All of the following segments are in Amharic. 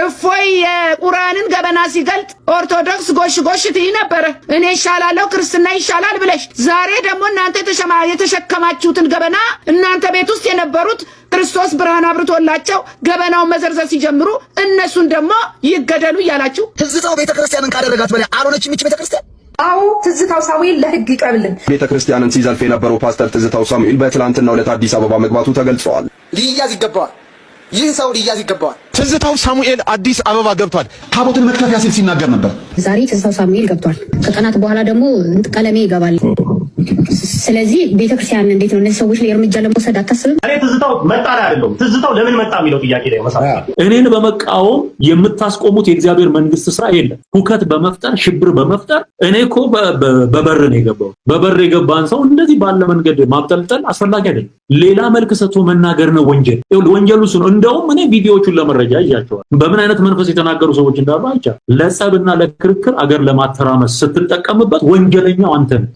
እፎይ የቁርአንን ገበና ሲገልጥ ኦርቶዶክስ ጎሽ ጎሽ ትይ ነበረ። እኔ ይሻላለሁ ክርስትና ይሻላል ብለሽ ዛሬ ደግሞ እናንተ የተሸከማችሁትን ገበና እናንተ ቤት ውስጥ የነበሩት ክርስቶስ ብርሃን አብርቶላቸው ገበናውን መዘርዘር ሲጀምሩ እነሱን ደግሞ ይገደሉ እያላችሁ ትዝታው ቤተ ክርስቲያንን ካደረጋት በላይ አልሆነችም ይች ቤተ አዎ ትዝታው ሳሙኤል ለህግ ይቀብልን። ቤተ ክርስቲያንን ሲዘልፍ የነበረው ፓስተር ትዝታው ሳሙኤል በትላንትናው ዕለት አዲስ አበባ መግባቱ ተገልጸዋል። ሊያዝ ይገባዋል። ይህ ሰው ሊያዝ ይገባዋል። ትዝታው ሳሙኤል አዲስ አበባ ገብቷል። ታቦትን መክፈት ሲል ሲናገር ነበር። ዛሬ ትዝታው ሳሙኤል ገብቷል። ከቀናት በኋላ ደግሞ ቀለሜ ይገባል። ስለዚህ ቤተክርስቲያን እንዴት ነው እነዚህ ሰዎች ላይ እርምጃ ለመውሰድ አታስብም? እኔ ትዝታው መጣ ላይ አይደለም ትዝታው ለምን መጣ የሚለው ጥያቄ ላይ መሳ እኔን በመቃወም የምታስቆሙት የእግዚአብሔር መንግስት ስራ የለም። ሁከት በመፍጠር ሽብር በመፍጠር እኔ እኮ በበር ነው የገባው። በበር የገባን ሰው እንደዚህ ባለ መንገድ ማብጠልጠል አስፈላጊ አይደለም። ሌላ መልክ ሰጥቶ መናገር ነው ወንጀል። ወንጀሉ እሱ ነው። እንደውም እኔ ቪዲዮዎቹን ለመረጃ እያቸዋል በምን አይነት መንፈስ የተናገሩ ሰዎች እንዳሉ አይቻል። ለጸብና ለክርክር አገር ለማተራመስ ስትጠቀምበት ወንጀለኛው አንተ ነው።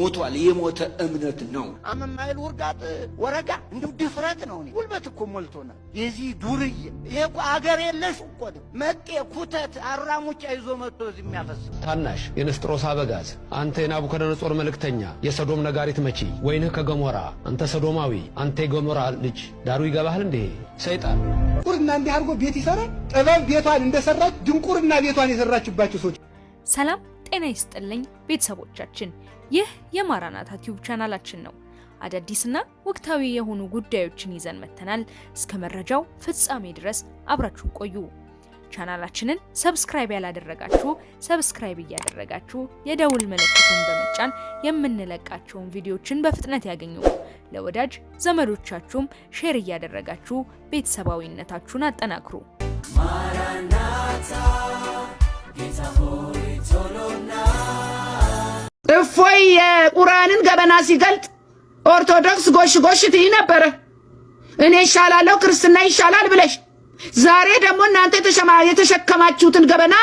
ሞቷል የሞተ እምነት ነው። አመማይል ውርጋጥ ወረጋ እንዲሁ ድፍረት ነው። ጉልበት እኮ ሞልቶናል። የዚህ ዱርዬ ይሄ አገር የለሽ እኮ መጤ ኩተት አራሙጫ ይዞ መጥቶ እዚህ የሚያፈስ ታናሽ የንስጥሮስ አበጋዝ አንተ የናቡከደነጾር መልእክተኛ የሰዶም ነጋሪት መቺ ወይንህ ከገሞራ አንተ ሰዶማዊ አንተ የገሞራ ልጅ ዳሩ ይገባሃል እንዴ ሰይጣን ድንቁርና እንዲህ አድርጎ ቤት ይሰራል። ጥበብ ቤቷን እንደሰራች ድንቁርና ቤቷን የሰራችባቸው ሰዎች ሰላም ጤና ይስጥልኝ ቤተሰቦቻችን፣ ይህ የማራናታ ቲዩብ ቻናላችን ነው። አዳዲስና ወቅታዊ የሆኑ ጉዳዮችን ይዘን መተናል። እስከ መረጃው ፍጻሜ ድረስ አብራችሁን ቆዩ። ቻናላችንን ሰብስክራይብ ያላደረጋችሁ ሰብስክራይብ እያደረጋችሁ የደውል ምልክቱን በመጫን የምንለቃቸውን ቪዲዮዎችን በፍጥነት ያገኙ። ለወዳጅ ዘመዶቻችሁም ሼር እያደረጋችሁ ቤተሰባዊነታችሁን አጠናክሩ። ማራናታ ጌታ ሆይ እፎይ የቁርአንን ገበና ሲገልጥ ኦርቶዶክስ ጎሽ ጎሽ ትይ ነበረ። እኔ ይሻላለሁ ክርስትና ይሻላል ብለሽ ዛሬ ደግሞ እናንተ የተሸከማችሁትን ገበና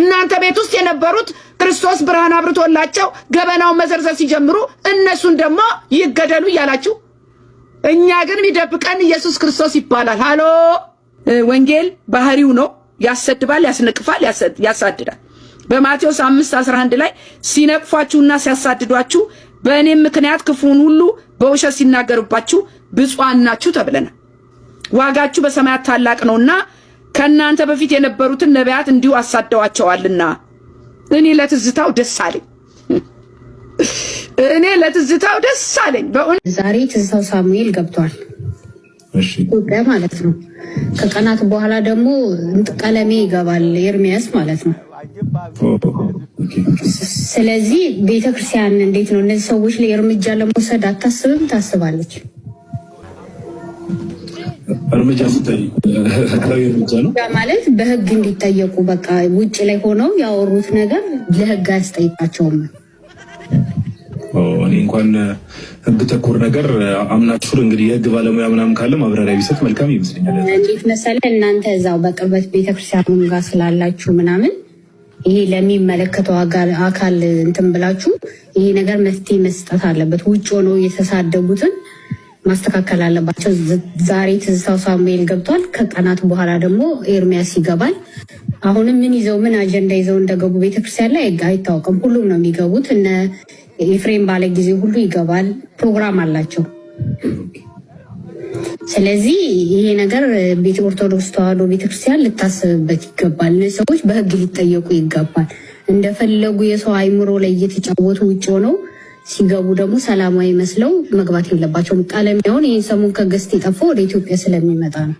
እናንተ ቤት ውስጥ የነበሩት ክርስቶስ ብርሃን አብርቶላቸው ገበናውን መዘርዘር ሲጀምሩ እነሱን ደግሞ ይገደሉ እያላችሁ፣ እኛ ግን የሚደብቀን ኢየሱስ ክርስቶስ ይባላል። ሃሎ ወንጌል ባህሪው ነው። ያሰድባል፣ ያስነቅፋል፣ ያሳድዳል። በማቴዎስ 5 11 ላይ ሲነቅፏችሁና ሲያሳድዷችሁ በእኔም ምክንያት ክፉን ሁሉ በውሸት ሲናገሩባችሁ ብፁዓን ናችሁ ተብለናል። ዋጋችሁ በሰማያት ታላቅ ነውና ከእናንተ በፊት የነበሩትን ነቢያት እንዲሁ አሳደዋቸዋልና። እኔ ለትዝታው ደስ አለኝ። እኔ ለትዝታው ደስ አለኝ። በእውነት ዛሬ ትዝታው ሳሙኤል ገብቷል ኢትዮጵያ ማለት ነው። ከቀናት በኋላ ደግሞ ቀለሜ ይገባል ኤርሚያስ ማለት ነው። ስለዚህ ቤተክርስቲያን እንዴት ነው እነዚህ ሰዎች ላይ እርምጃ ለመውሰድ አታስብም? ታስባለች። እርምጃ ማለት በህግ እንዲጠየቁ በቃ ውጭ ላይ ሆነው ያወሩት ነገር ለህግ አያስጠይቃቸውም። እኔ እንኳን ህግ ተኮር ነገር አምናሹር እንግዲህ የህግ ባለሙያ ምናምን ካለ ማብራሪያ ቢሰጥ መልካም ይመስለኛል። እንዴት መሰለህ እናንተ እዛው በቅርበት ቤተክርስቲያኑ ጋር ስላላችሁ ምናምን ይሄ ለሚመለከተው አካል እንትን ብላችሁ ይሄ ነገር መፍትሄ መስጠት አለበት። ውጭ ሆነው የተሳደቡትን ማስተካከል አለባቸው። ዛሬ ትዝታው ሳሙኤል ገብቷል። ከቀናት በኋላ ደግሞ ኤርሚያስ ይገባል። አሁንም ምን ይዘው ምን አጀንዳ ይዘው እንደገቡ ቤተክርስቲያን ላይ አይታወቅም። ሁሉም ነው የሚገቡት። እነ ኤፍሬም ባለ ጊዜ ሁሉ ይገባል። ፕሮግራም አላቸው። ስለዚህ ይሄ ነገር ቤተ ኦርቶዶክስ ተዋህዶ ቤተክርስቲያን ልታስብበት ይገባል። ሰዎች በህግ ሊጠየቁ ይገባል። እንደፈለጉ የሰው አይምሮ ላይ እየተጫወቱ ውጭ ሆነው ሲገቡ ደግሞ ሰላማዊ መስለው መግባት የለባቸውም። ቃለሚያውን ይህን ሰሞን ከገስት የጠፋ ወደ ኢትዮጵያ ስለሚመጣ ነው።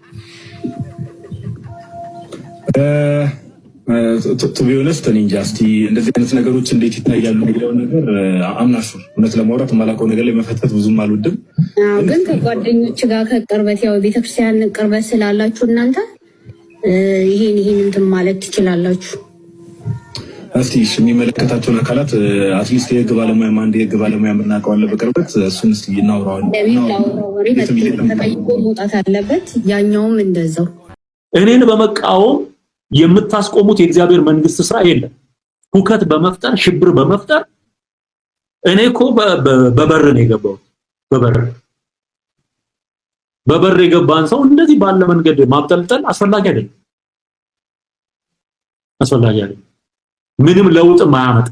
ቱቢሆነስ ተኒንጃ እስቲ እንደዚህ አይነት ነገሮች እንዴት ይታያሉ የሚለውን ነገር አምናሹ እውነት ለማውራት የማላውቀው ነገር ላይ መፈተት ብዙም አልወድም። ግን ከጓደኞች ጋር ከቅርበት ያው ቤተክርስቲያን ቅርበት ስላላችሁ እናንተ ይሄን ይሄን እንትን ማለት ትችላላችሁ። እስቲ የሚመለከታቸውን አካላት አትሊስት የህግ ባለሙያ አንድ የህግ ባለሙያ የምናውቀዋለን በቅርበት እሱን ስ እናውራዋለን። ተጠይቆ መውጣት አለበት። ያኛውም እንደዛው እኔን በመቃወም የምታስቆሙት የእግዚአብሔር መንግስት ስራ የለም። ሁከት በመፍጠር ሽብር በመፍጠር እኔ እኮ በበር ነው የገባሁት። በበር በበር የገባን ሰው እንደዚህ ባለ መንገድ ማብጠልጠል አስፈላጊ አይደለም፣ አስፈላጊ አይደለም። ምንም ለውጥ ማያመጣ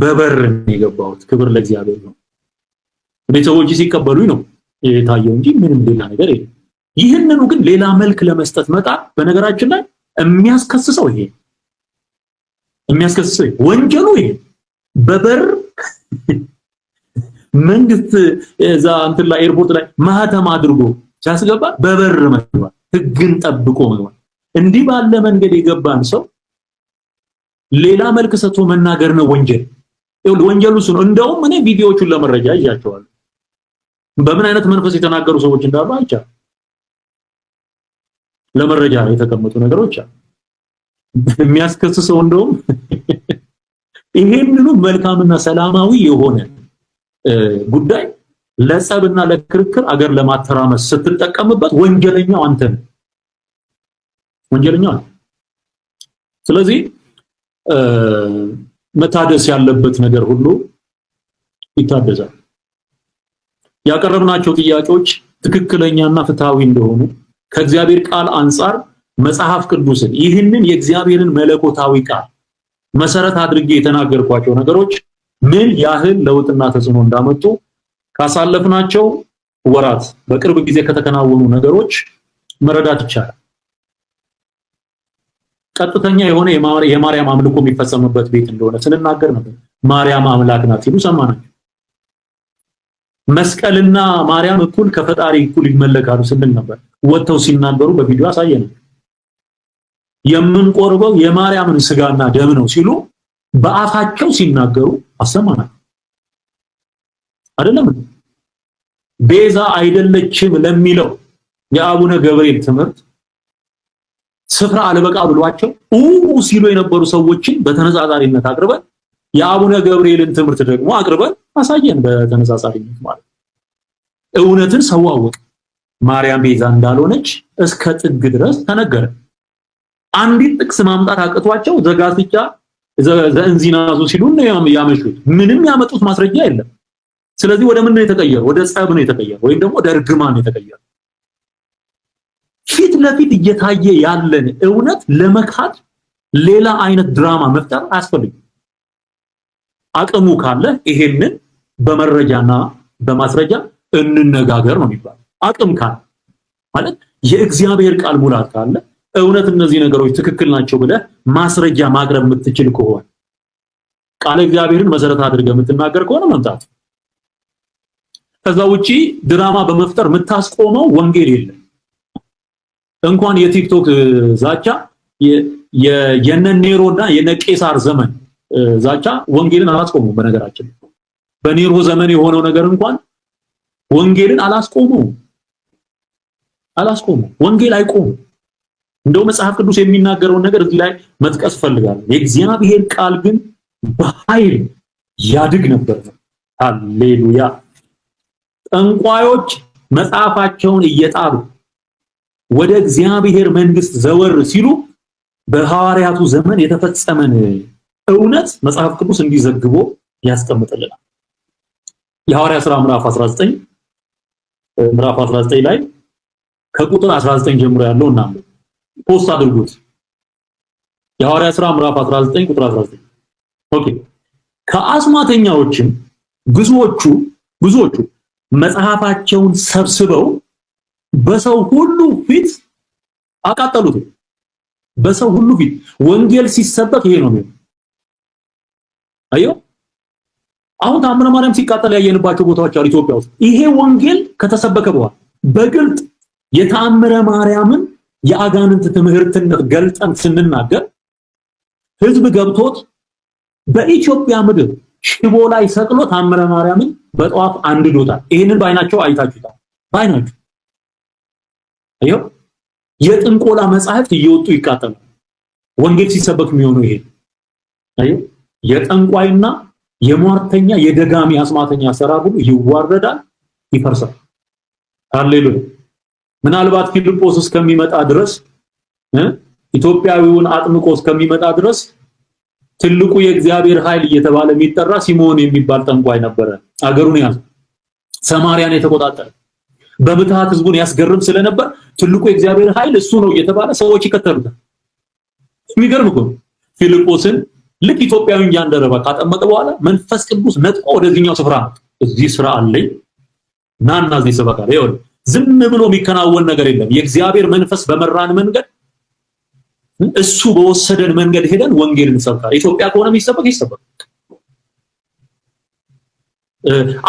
በበር ነው የገባሁት። ክብር ለእግዚአብሔር ነው። ቤተሰቦች ሲቀበሉኝ ነው የታየው እንጂ ምንም ሌላ ነገር የለም። ይህንኑ ግን ሌላ መልክ ለመስጠት መጣ። በነገራችን ላይ የሚያስከስሰው ይሄ የሚያስከስሰው ወንጀሉ ይሄ በበር መንግስት እዛ እንትን ላይ ኤርፖርት ላይ ማህተም አድርጎ ሲያስገባ በበር መግባት፣ ህግን ጠብቆ መግባት። እንዲህ ባለ መንገድ የገባን ሰው ሌላ መልክ ሰጥቶ መናገር ነው ወንጀል። ወንጀሉ እሱ ነው። እንደውም እኔ ቪዲዮዎቹን ለመረጃ ይዣቸዋለሁ። በምን አይነት መንፈስ የተናገሩ ሰዎች እንዳሉ አይቻልም። ለመረጃ ነው የተቀመጡ ነገሮች አሉ። የሚያስከስሰው እንደውም ይሄንኑ መልካምና ሰላማዊ የሆነ ጉዳይ ለጸብና ለክርክር አገር ለማተራመስ ስትጠቀምበት ወንጀለኛው አንተ ነህ፣ ወንጀለኛው ስለዚህ መታደስ ያለበት ነገር ሁሉ ይታደሳል። ያቀረብናቸው ጥያቄዎች ትክክለኛና ፍትሃዊ እንደሆኑ ከእግዚአብሔር ቃል አንጻር መጽሐፍ ቅዱስን ይህንን የእግዚአብሔርን መለኮታዊ ቃል መሰረት አድርጌ የተናገርኳቸው ነገሮች ምን ያህል ለውጥና ተጽዕኖ እንዳመጡ ካሳለፍናቸው ወራት በቅርብ ጊዜ ከተከናወኑ ነገሮች መረዳት ይቻላል። ቀጥተኛ የሆነ የማርያም አምልኮ የሚፈጸምበት ቤት እንደሆነ ስንናገር ነበር። ማርያም አምላክ ናት ሲሉ ሰማናቸው። መስቀልና ማርያም እኩል ከፈጣሪ እኩል ይመለካሉ ስንል ነበር። ወጥተው ሲናገሩ በቪዲዮ አሳየናል። የምንቆርበው የማርያምን ስጋና ደም ነው ሲሉ በአፋቸው ሲናገሩ አሰማናል። አይደለም ቤዛ አይደለችም ለሚለው የአቡነ ገብርኤል ትምህርት ስፍራ አልበቃ ብሏቸው ኡ ሲሉ የነበሩ ሰዎችን በተነጻጻሪነት አቅርበን የአቡነ ገብርኤልን ትምህርት ደግሞ አቅርበን አሳየን። በተነጻጻሪነት ማለት እውነትን ሰው አወቀ። ማርያም ቤዛ እንዳልሆነች እስከ ጥግ ድረስ ተነገረ። አንዲት ጥቅስ ማምጣት አቅቷቸው ዘጋስጫ ዘእንዚናዙ ሲሉ ነው ያመሹት። ምንም ያመጡት ማስረጃ የለም። ስለዚህ ወደ ምን ነው የተቀየረ? ወደ ጸብ ነው የተቀየረ፣ ወይም ደግሞ ወደ ነው የተቀየረ። ፊት ለፊት እየታየ ያለን እውነት ለመካድ ሌላ አይነት ድራማ መፍጠር አያስፈልግም። አቅሙ ካለ ይሄንን በመረጃና በማስረጃ እንነጋገር ነው የሚባለው። አቅም ካለ ማለት የእግዚአብሔር ቃል ሙላት ካለ እውነት እነዚህ ነገሮች ትክክል ናቸው ብለህ ማስረጃ ማቅረብ የምትችል ከሆነ ቃለ እግዚአብሔርን መሰረት አድርገ የምትናገር ከሆነ መምጣት። ከዛ ውጪ ድራማ በመፍጠር የምታስቆመው ወንጌል የለም። እንኳን የቲክቶክ ዛቻ የነ ኔሮና የነ ቄሳር ዘመን ዛቻ ወንጌልን አላስቆመውም። በነገራችን በኔሮ ዘመን የሆነው ነገር እንኳን ወንጌልን አላስቆመው አላስቆመው ወንጌል አይቆምም። እንደው መጽሐፍ ቅዱስ የሚናገረውን ነገር እዚህ ላይ መጥቀስ ፈልጋለሁ። የእግዚአብሔር ቃል ግን በኃይል ያድግ ነበር። ሃሌሉያ! ጠንቋዮች መጽሐፋቸውን እየጣሉ ወደ እግዚአብሔር መንግስት ዘወር ሲሉ በሐዋርያቱ ዘመን የተፈጸመን እውነት መጽሐፍ ቅዱስ እንዲዘግቦ ያስቀምጥልናል። የሐዋርያ ሥራ ምዕራፍ 19 ምዕራፍ 19 ላይ ከቁጥር 19 ጀምሮ ያለው እና ፖስት አድርጉት። የሐዋርያ ሥራ ምዕራፍ 19 ቁጥር 19 ኦኬ። ከአስማተኛዎችም ብዙዎቹ ብዙዎቹ መጽሐፋቸውን ሰብስበው በሰው ሁሉ ፊት አቃጠሉት። በሰው ሁሉ ፊት ወንጌል ሲሰበክ ይሄ ነው የሚሆነው አዩ አሁን ታምረ ማርያም ሲቃጠል ያየንባቸው ቦታዎች አሉ ኢትዮጵያ ውስጥ። ይሄ ወንጌል ከተሰበከ በኋላ በግልጥ የታምረ ማርያምን የአጋንንት ትምህርትነት ገልጠን ስንናገር ህዝብ ገብቶት በኢትዮጵያ ምድር ሽቦ ላይ ሰቅሎ ታምረ ማርያምን በጠዋፍ አንድዶታል። ይህንን በአይናቸው አይታችሁታል። በአይናችሁ አዩ የጥንቆላ መጻሕፍት እየወጡ ይቃጠላል። ወንጌል ሲሰበክ የሚሆነው ይሄ አዩ የጠንቋይና የሟርተኛ የደጋሚ አስማተኛ ሰራ ሁሉ ይዋረዳል፣ ይፈርሳል። ሃሌሉያ። ምናልባት ፊልጶስ እስከሚመጣ ድረስ ኢትዮጵያዊውን አጥምቆ እስከሚመጣ ድረስ ትልቁ የእግዚአብሔር ኃይል እየተባለ የሚጠራ ሲሞን የሚባል ጠንቋይ ነበረ። አገሩን ያዘ፣ ሰማርያን የተቆጣጠረ በምትሃት ህዝቡን ያስገርም ስለነበር ትልቁ የእግዚአብሔር ኃይል እሱ ነው እየተባለ ሰዎች ይከተሉታል። የሚገርም እኮ ፊልጶስን ልክ ኢትዮጵያዊን ጃንደረባ ካጠመቀ በኋላ መንፈስ ቅዱስ ነጥቆ ወደዚህኛው ስፍራ እዚህ ስራ አለኝ ናና እዚህ ስበካ ይኸውልህ ዝም ብሎ የሚከናወን ነገር የለም። የእግዚአብሔር መንፈስ በመራን መንገድ እሱ በወሰደን መንገድ ሄደን ወንጌል እንሰብካለን። ኢትዮጵያ ከሆነ የሚሰበክ ይሰበክ፣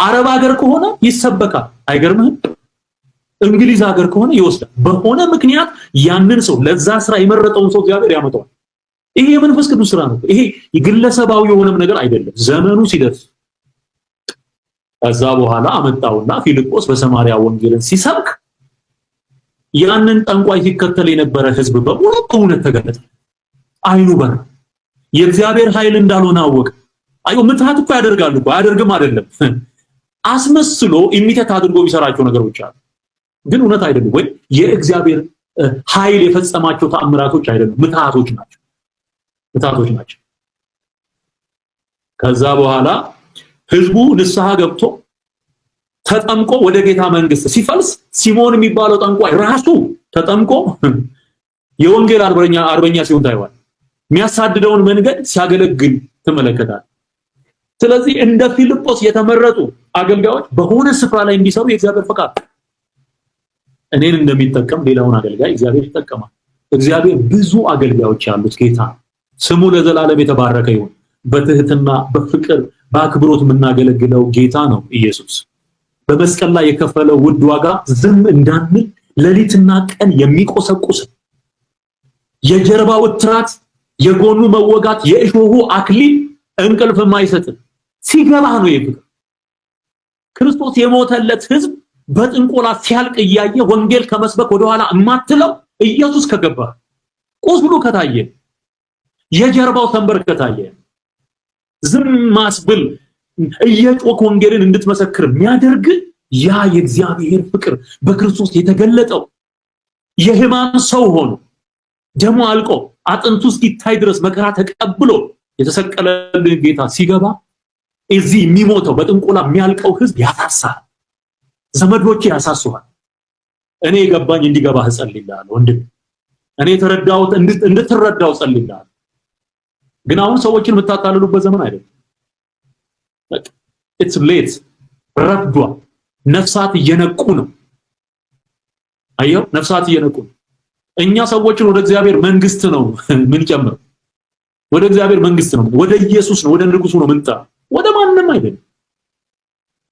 አረብ ሀገር ከሆነ ይሰበካል። አይገርምህም? እንግሊዝ ሀገር ከሆነ ይወስዳል። በሆነ ምክንያት ያንን ሰው ለዛ ስራ የመረጠውን ሰው እግዚአብሔር ያመጣዋል። ይሄ የመንፈስ ቅዱስ ስራ ነው። ይሄ ግለሰባዊ የሆነም ነገር አይደለም። ዘመኑ ሲደርስ ከዛ በኋላ አመጣውና ፊልጶስ በሰማሪያ ወንጌልን ሲሰብክ ያንን ጠንቋይ ሲከተል የነበረ ህዝብ በሙሉ እውነት ተገለጠ። አይኑ በራ፣ የእግዚአብሔር ኃይል እንዳልሆነ አወቀ። አይ ምትሃት እኮ ያደርጋል እኮ አያደርግም አይደለም። አስመስሎ ኢሚቴት አድርጎ የሚሰራቸው ነገሮች አሉ፣ ግን እውነት አይደሉም። ወይም የእግዚአብሔር ኃይል የፈጸማቸው ተአምራቶች አይደሉም፣ ምትሃቶች ናቸው። ፍታቶች ናቸው። ከዛ በኋላ ህዝቡ ንስሐ ገብቶ ተጠምቆ ወደ ጌታ መንግስት ሲፈልስ ሲሞን የሚባለው ጠንቋይ ራሱ ተጠምቆ የወንጌል አርበኛ አርበኛ ሲሆን ታይዋል። የሚያሳድደውን መንገድ ሲያገለግል ትመለከታል። ስለዚህ እንደ ፊልጶስ የተመረጡ አገልጋዮች በሆነ ስፍራ ላይ እንዲሰሩ የእግዚአብሔር ፈቃድ። እኔን እንደሚጠቀም ሌላውን አገልጋይ እግዚአብሔር ይጠቀማል። እግዚአብሔር ብዙ አገልጋዮች ያሉት ጌታ ነው። ስሙ ለዘላለም የተባረከ ይሁን። በትህትና በፍቅር በአክብሮት የምናገለግለው ጌታ ነው ኢየሱስ። በመስቀል ላይ የከፈለው ውድ ዋጋ ዝም እንዳንል ሌሊትና ቀን የሚቆሰቁስ የጀርባው ትራት፣ የጎኑ መወጋት፣ የእሾሁ አክሊል እንቅልፍ የማይሰጥ ሲገባህ ነው ይፍቅር ክርስቶስ የሞተለት ህዝብ በጥንቆላ ሲያልቅ እያየ ወንጌል ከመስበክ ወደኋላ እማትለው ኢየሱስ ከገባ ቁስሉ ከታየ የጀርባው ተንበርከት አየ። ዝም ማስብል እየጮክ ወንጌልን እንድትመሰክር የሚያደርግ ያ የእግዚአብሔር ፍቅር በክርስቶስ የተገለጠው የህማም ሰው ሆኖ ደሞ አልቆ አጥንቱ እስኪታይ ድረስ መከራ ተቀብሎ የተሰቀለልን ጌታ ሲገባ እዚህ የሚሞተው በጥንቆላ የሚያልቀው ህዝብ ያሳሳል። ዘመዶች ያሳስኋል። እኔ የገባኝ እንዲገባ እጸልይልሃለሁ ወንድም። እኔ የተረዳሁት እንድትረዳው እጸልይልሃለሁ። ግን አሁን ሰዎችን የምታታልሉበት ዘመን አይደለም። በቃ ኢትስ ሌት ረዷ ነፍሳት እየነቁ ነው። አየው ነፍሳት እየነቁ ነው። እኛ ሰዎችን ወደ እግዚአብሔር መንግስት ነው ምን ጨምረው ወደ እግዚአብሔር መንግስት ነው ወደ ኢየሱስ ነው ወደ ንጉሱ ነው ምንጣ ወደ ማንም አይደለም።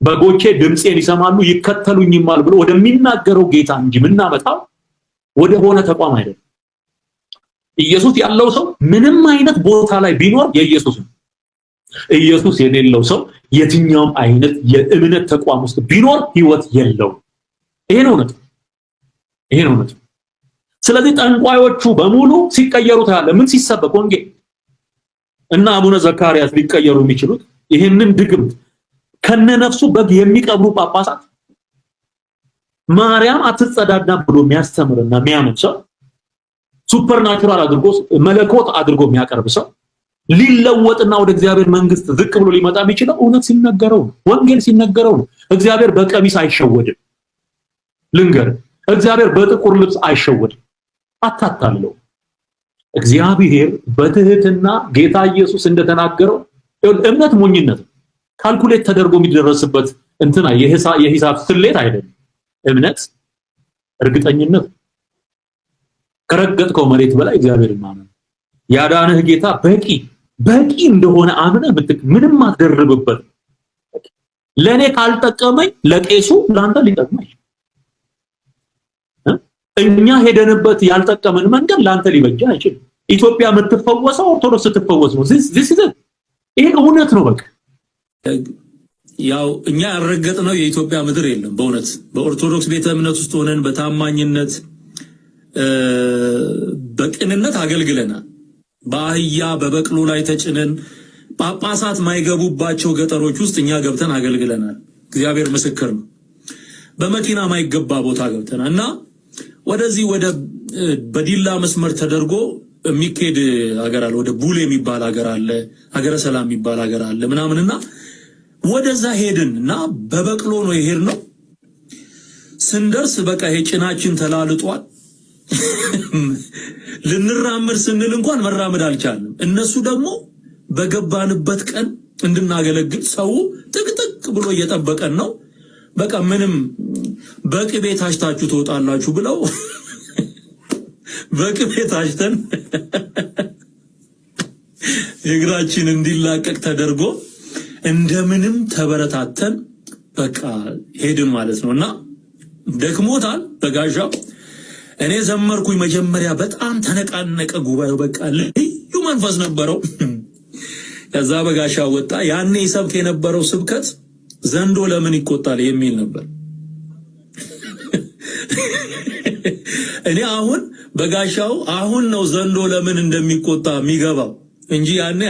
በጎቼ ድምጼን ይሰማሉ ይከተሉኝማል ብሎ ወደሚናገረው ጌታ እንጂ ምናመጣው ወደ ሆነ ተቋም አይደለም። ኢየሱስ ያለው ሰው ምንም አይነት ቦታ ላይ ቢኖር የኢየሱስ ነው። ኢየሱስ የሌለው ሰው የትኛውም አይነት የእምነት ተቋም ውስጥ ቢኖር ህይወት የለውም። ይሄ ነው እውነት፣ ይሄ ነው እውነት። ስለዚህ ጠንቋዮቹ በሙሉ ሲቀየሩ ታያለ። ምን ሲሰበክ ወንጌል እና አቡነ ዘካርያስ ሊቀየሩ የሚችሉት ይህንን ድግምት ከነነፍሱ በግ የሚቀብሩ ጳጳሳት ማርያም አትጸዳዳ ብሎ የሚያስተምርና የሚያምን ሰው ሱፐርናቹራል አድርጎ መለኮት አድርጎ የሚያቀርብ ሰው ሊለወጥና ወደ እግዚአብሔር መንግስት ዝቅ ብሎ ሊመጣ የሚችለው እውነት ሲነገረው ነው። ወንጌል ሲነገረው ነው። እግዚአብሔር በቀሚስ አይሸወድም። ልንገር፣ እግዚአብሔር በጥቁር ልብስ አይሸወድም። አታታለው። እግዚአብሔር በትህትና ጌታ ኢየሱስ እንደተናገረው እምነት ሞኝነት ነው። ካልኩሌት ተደርጎ የሚደረስበት እንትና የሂሳብ ስሌት አይደለም። እምነት እርግጠኝነት ከረገጥከው መሬት በላይ እግዚአብሔር ማመን ያዳነህ ጌታ በቂ በቂ እንደሆነ አምነህ ምንም አትደርብበት። ለእኔ ካልጠቀመኝ ለቄሱ ለአንተ ሊጠቅመኝ እኛ ሄደንበት ያልጠቀመን መንገድ ለአንተ ሊበጃ አይችልም። ኢትዮጵያ የምትፈወሰው ኦርቶዶክስ ስትፈወስ ነው። ይሄ እውነት ነው። በቃ ያው እኛ ያረገጥነው የኢትዮጵያ ምድር የለም። በእውነት በኦርቶዶክስ ቤተ እምነት ውስጥ ሆነን በታማኝነት በቅንነት አገልግለናል። በአህያ በበቅሎ ላይ ተጭነን ጳጳሳት ማይገቡባቸው ገጠሮች ውስጥ እኛ ገብተን አገልግለናል። እግዚአብሔር ምስክር ነው። በመኪና ማይገባ ቦታ ገብተናል እና ወደዚህ ወደ በዲላ መስመር ተደርጎ የሚካሄድ ሀገር አለ፣ ወደ ቡሌ የሚባል ሀገር አለ፣ ሀገረ ሰላም የሚባል ሀገር አለ ምናምንና ወደዛ ሄድን እና በበቅሎ ነው የሄድነው። ስንደርስ በቃ ይሄ ጭናችን ተላልጧል። ልንራመድ ስንል እንኳን መራመድ አልቻልንም። እነሱ ደግሞ በገባንበት ቀን እንድናገለግል ሰው ጥቅጥቅ ብሎ እየጠበቀን ነው። በቃ ምንም በቅቤ ታሽታችሁ ትወጣላችሁ ብለው በቅቤ ታሽተን እግራችን እንዲላቀቅ ተደርጎ እንደምንም ተበረታተን በቃ ሄድን ማለት ነው እና ደክሞታል በጋሻው እኔ ዘመርኩኝ መጀመሪያ በጣም ተነቃነቀ ጉባኤው። በቃ ልዩ መንፈስ ነበረው። ከዛ በጋሻ ወጣ። ያኔ ሰብክ የነበረው ስብከት ዘንዶ ለምን ይቆጣል የሚል ነበር። እኔ አሁን በጋሻው አሁን ነው ዘንዶ ለምን እንደሚቆጣ የሚገባው እንጂ ያኔ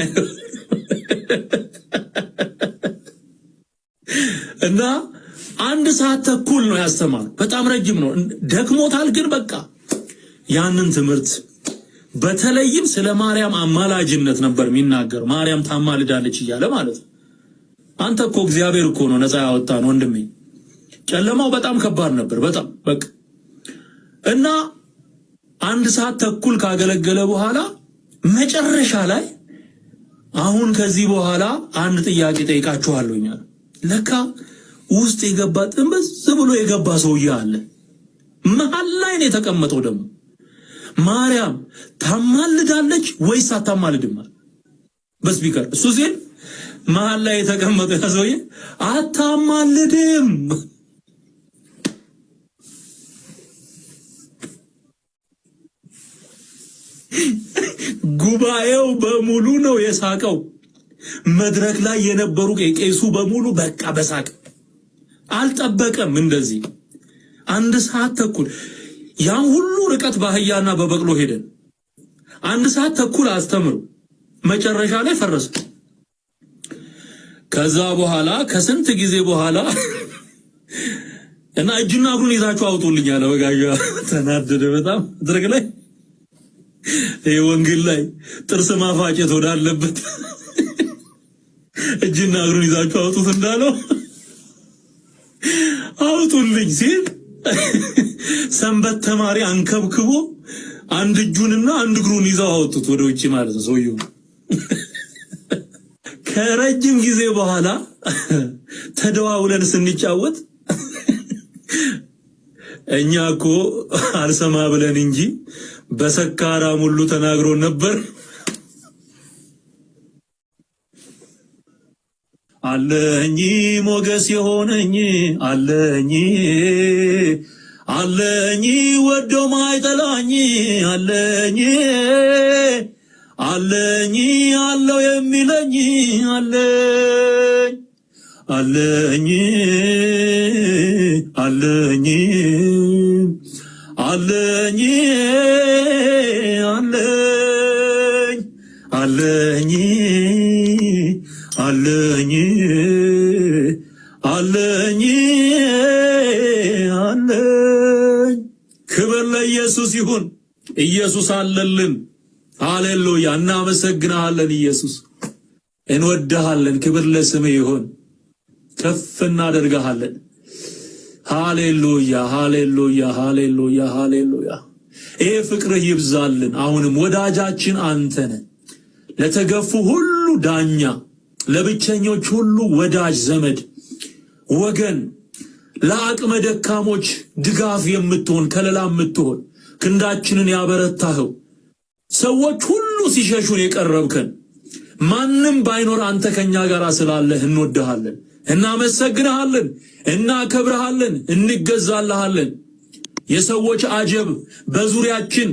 እና አንድ ሰዓት ተኩል ነው ያስተማር። በጣም ረጅም ነው። ደክሞታል፣ ግን በቃ ያንን ትምህርት በተለይም ስለ ማርያም አማላጅነት ነበር የሚናገር። ማርያም ታማልዳለች እያለ ማለት ነው። አንተ እኮ እግዚአብሔር እኮ ነው ነፃ ያወጣን ወንድሜ። ጨለማው በጣም ከባድ ነበር። በጣም በቃ እና አንድ ሰዓት ተኩል ካገለገለ በኋላ መጨረሻ ላይ አሁን ከዚህ በኋላ አንድ ጥያቄ ጠይቃችኋለሁ ለካ ውስጥ የገባ ጥንብዝ ብሎ የገባ ሰውዬ አለ። መሀል ላይ ነው የተቀመጠው። ደግሞ ማርያም ታማልዳለች ወይስ አታማልድም? በስፒከር እሱ ሲል መሀል ላይ የተቀመጠ ሰውዬ አታማልድም። ጉባኤው በሙሉ ነው የሳቀው። መድረክ ላይ የነበሩ ቄሱ በሙሉ በቃ በሳቅ አልጠበቀም። እንደዚህ አንድ ሰዓት ተኩል ያን ሁሉ ርቀት በአህያና በበቅሎ ሄደን አንድ ሰዓት ተኩል አስተምሩ፣ መጨረሻ ላይ ፈረሰ። ከዛ በኋላ ከስንት ጊዜ በኋላ እና እጅና እግሩን ይዛችሁ አውጡልኝ አለ ተናደደ በጣም ድረግ ላይ ይሄ ወንጌል ላይ ጥርስ ማፋጨት ወዳለበት እጅና እግሩን ይዛችሁ አውጡት እንዳለው አውጡልኝ ሲል ሰንበት ተማሪ አንከብክቦ አንድ እጁንና አንድ እግሩን ይዘው አወጡት ወደ ውጭ ማለት ነው። ሰውየው ከረጅም ጊዜ በኋላ ተደዋውለን ስንጫወት እኛ እኮ አልሰማ ብለን እንጂ በሰካራ ሙሉ ተናግሮ ነበር። አለኝ ሞገስ የሆነኝ አለኝ አለኝ ወዶ ማይጠላኝ አለኝ አለኝ አለው የሚለኝ አለኝ አለኝ አለኝ አለኝ አለኝ አለኝ አለኝ አለኝ አለኝ። ክብር ለኢየሱስ ይሁን። ኢየሱስ አለልን። ሃሌሉያ! እናመሰግናሃለን ኢየሱስ፣ እንወድሃለን። ክብር ለስም ይሁን። ከፍ እናደርግሃለን። ሃሌሉያ! ሃሌሉያ! ሃሌሉያ! ሃሌሉያ! ይህ ፍቅርህ ይብዛልን። አሁንም ወዳጃችን አንተነ ለተገፉ ሁሉ ዳኛ ለብቸኞች ሁሉ ወዳጅ ዘመድ፣ ወገን፣ ለአቅመ ደካሞች ድጋፍ የምትሆን ከለላ የምትሆን ክንዳችንን ያበረታኸው ሰዎች ሁሉ ሲሸሹን የቀረብከን ማንም ባይኖር አንተ ከኛ ጋር ስላለህ እንወድሃለን፣ እናመሰግንሃለን፣ እናከብረሃለን፣ እንገዛልሃለን። የሰዎች አጀብ በዙሪያችን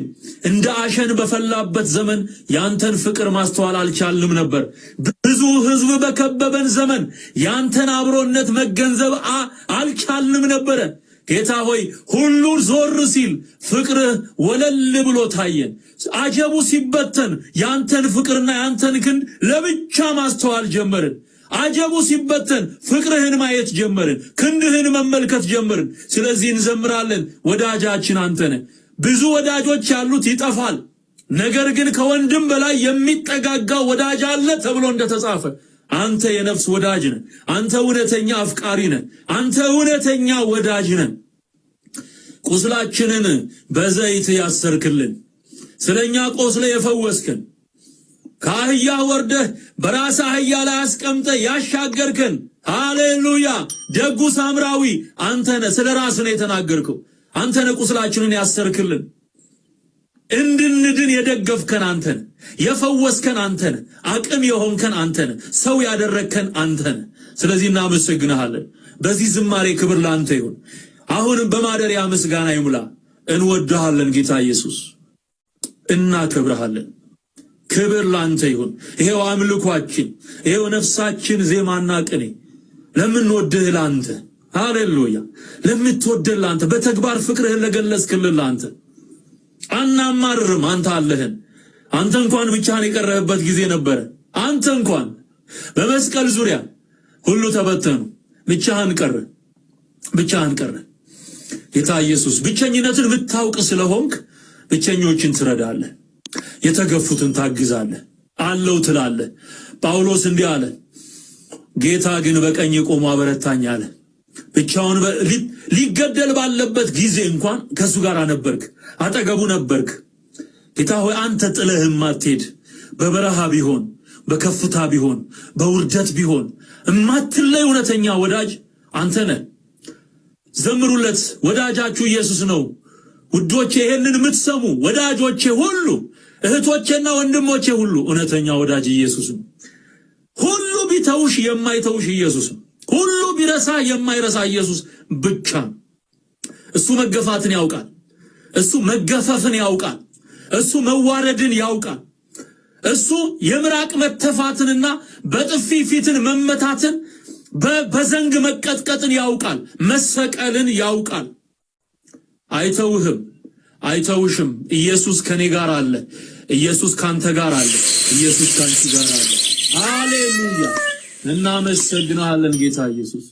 እንደ አሸን በፈላበት ዘመን ያንተን ፍቅር ማስተዋል አልቻልንም ነበር። ብዙ ሕዝብ በከበበን ዘመን ያንተን አብሮነት መገንዘብ አልቻልንም ነበረ። ጌታ ሆይ ሁሉ ዞር ሲል ፍቅርህ ወለል ብሎ ታየን። አጀቡ ሲበተን ያንተን ፍቅርና ያንተን ክንድ ለብቻ ማስተዋል ጀመርን። አጀቡ ሲበተን ፍቅርህን ማየት ጀመርን፣ ክንድህን መመልከት ጀመርን። ስለዚህ እንዘምራለን፣ ወዳጃችን አንተነ። ብዙ ወዳጆች ያሉት ይጠፋል፣ ነገር ግን ከወንድም በላይ የሚጠጋጋ ወዳጅ አለ ተብሎ እንደተጻፈ አንተ የነፍስ ወዳጅ ነህ። አንተ እውነተኛ አፍቃሪ ነህ። አንተ እውነተኛ ወዳጅ ነህ። ቁስላችንን በዘይት ያሰርክልን፣ ስለኛ ቆስለ የፈወስክን ከአህያ ወርደህ በራስ አህያ ላይ አስቀምጠ ያሻገርክን ሃሌሉያ፣ ደጉ ሳምራዊ አንተነ ስለ ራስህ ነው የተናገርከው። አንተነ ቁስላችንን ያሰርክልን እንድንድን የደገፍከን አንተነ፣ የፈወስከን አንተነ፣ አቅም የሆንከን አንተነ፣ ሰው ያደረግከን አንተነ። ስለዚህ እናመሰግንሃለን። በዚህ ዝማሬ ክብር ለአንተ ይሁን። አሁንም በማደሪያ ምስጋና ይሙላ። እንወድሃለን ጌታ ኢየሱስ፣ እናከብረሃለን። ክብር ላንተ ይሁን። ይሄው አምልኳችን፣ ይሄው ነፍሳችን ዜማና ቅኔ ለምንወድህ ላንተ ሃሌሉያ፣ ለምትወደን ላንተ፣ በተግባር ፍቅርህን ለገለጽክልን ላንተ አናማርርም። አንተ አለህን። አንተ እንኳን ብቻህን የቀረህበት ጊዜ ነበረ። አንተ እንኳን በመስቀል ዙሪያ ሁሉ ተበተኑ፣ ብቻህን ቀረ፣ ብቻህን ቀረ። ጌታ ኢየሱስ ብቸኝነትን ብታውቅ ስለሆንክ ብቸኞችን ትረዳለህ። የተገፉትን ታግዛለህ፣ አለው ትላለህ። ጳውሎስ እንዲህ አለ፣ ጌታ ግን በቀኝ ቆሞ አበረታኝ አለ። ብቻውን ሊገደል ባለበት ጊዜ እንኳን ከእሱ ጋር ነበርክ፣ አጠገቡ ነበርክ። ጌታ ሆይ አንተ ጥለህም አትሄድ። በበረሃ ቢሆን በከፍታ ቢሆን በውርደት ቢሆን እማትለይ እውነተኛ ወዳጅ አንተ ነህ። ዘምሩለት፣ ወዳጃችሁ ኢየሱስ ነው። ውዶቼ ይሄንን የምትሰሙ ወዳጆቼ ሁሉ እህቶቼና ወንድሞቼ ሁሉ እውነተኛ ወዳጅ ኢየሱስ ነው። ሁሉ ቢተውሽ የማይተውሽ ኢየሱስ ነው። ሁሉ ቢረሳ የማይረሳ ኢየሱስ ብቻ ነው። እሱ መገፋትን ያውቃል። እሱ መገፈፍን ያውቃል። እሱ መዋረድን ያውቃል። እሱ የምራቅ መተፋትንና በጥፊ ፊትን መመታትን በዘንግ መቀጥቀጥን ያውቃል። መሰቀልን ያውቃል። አይተውህም። አይተውሽም። ኢየሱስ ከኔ ጋር አለ። ኢየሱስ ካንተ ጋር አለ። ኢየሱስ ካንቺ ጋር አለ። ሃሌሉያ! እናመሰግናለን ጌታ ኢየሱስ።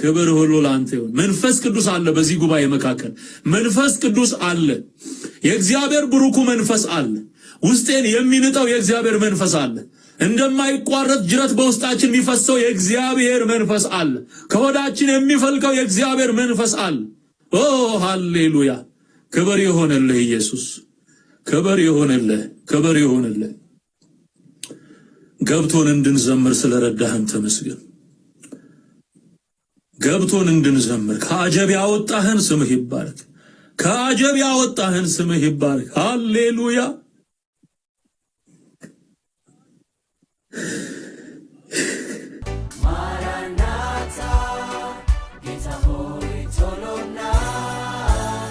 ክብር ሁሉ ለአንተ ይሁን። መንፈስ ቅዱስ አለ። በዚህ ጉባኤ መካከል መንፈስ ቅዱስ አለ። የእግዚአብሔር ብሩኩ መንፈስ አለ። ውስጤን የሚንጠው የእግዚአብሔር መንፈስ አለ። እንደማይቋረጥ ጅረት በውስጣችን የሚፈሰው የእግዚአብሔር መንፈስ አለ። ከሆዳችን የሚፈልቀው የእግዚአብሔር መንፈስ አለ። ኦ ሃሌሉያ! ክበር የሆነልህ ኢየሱስ፣ ክበር የሆነልህ ክበር የሆነልህ ገብቶን እንድንዘምር ስለረዳህን ተመስገን። ገብቶን እንድንዘምር ከአጀብ ያወጣህን ስምህ ይባረክ። ከአጀብ ያወጣህን ስምህ ይባረክ። ሃሌሉያ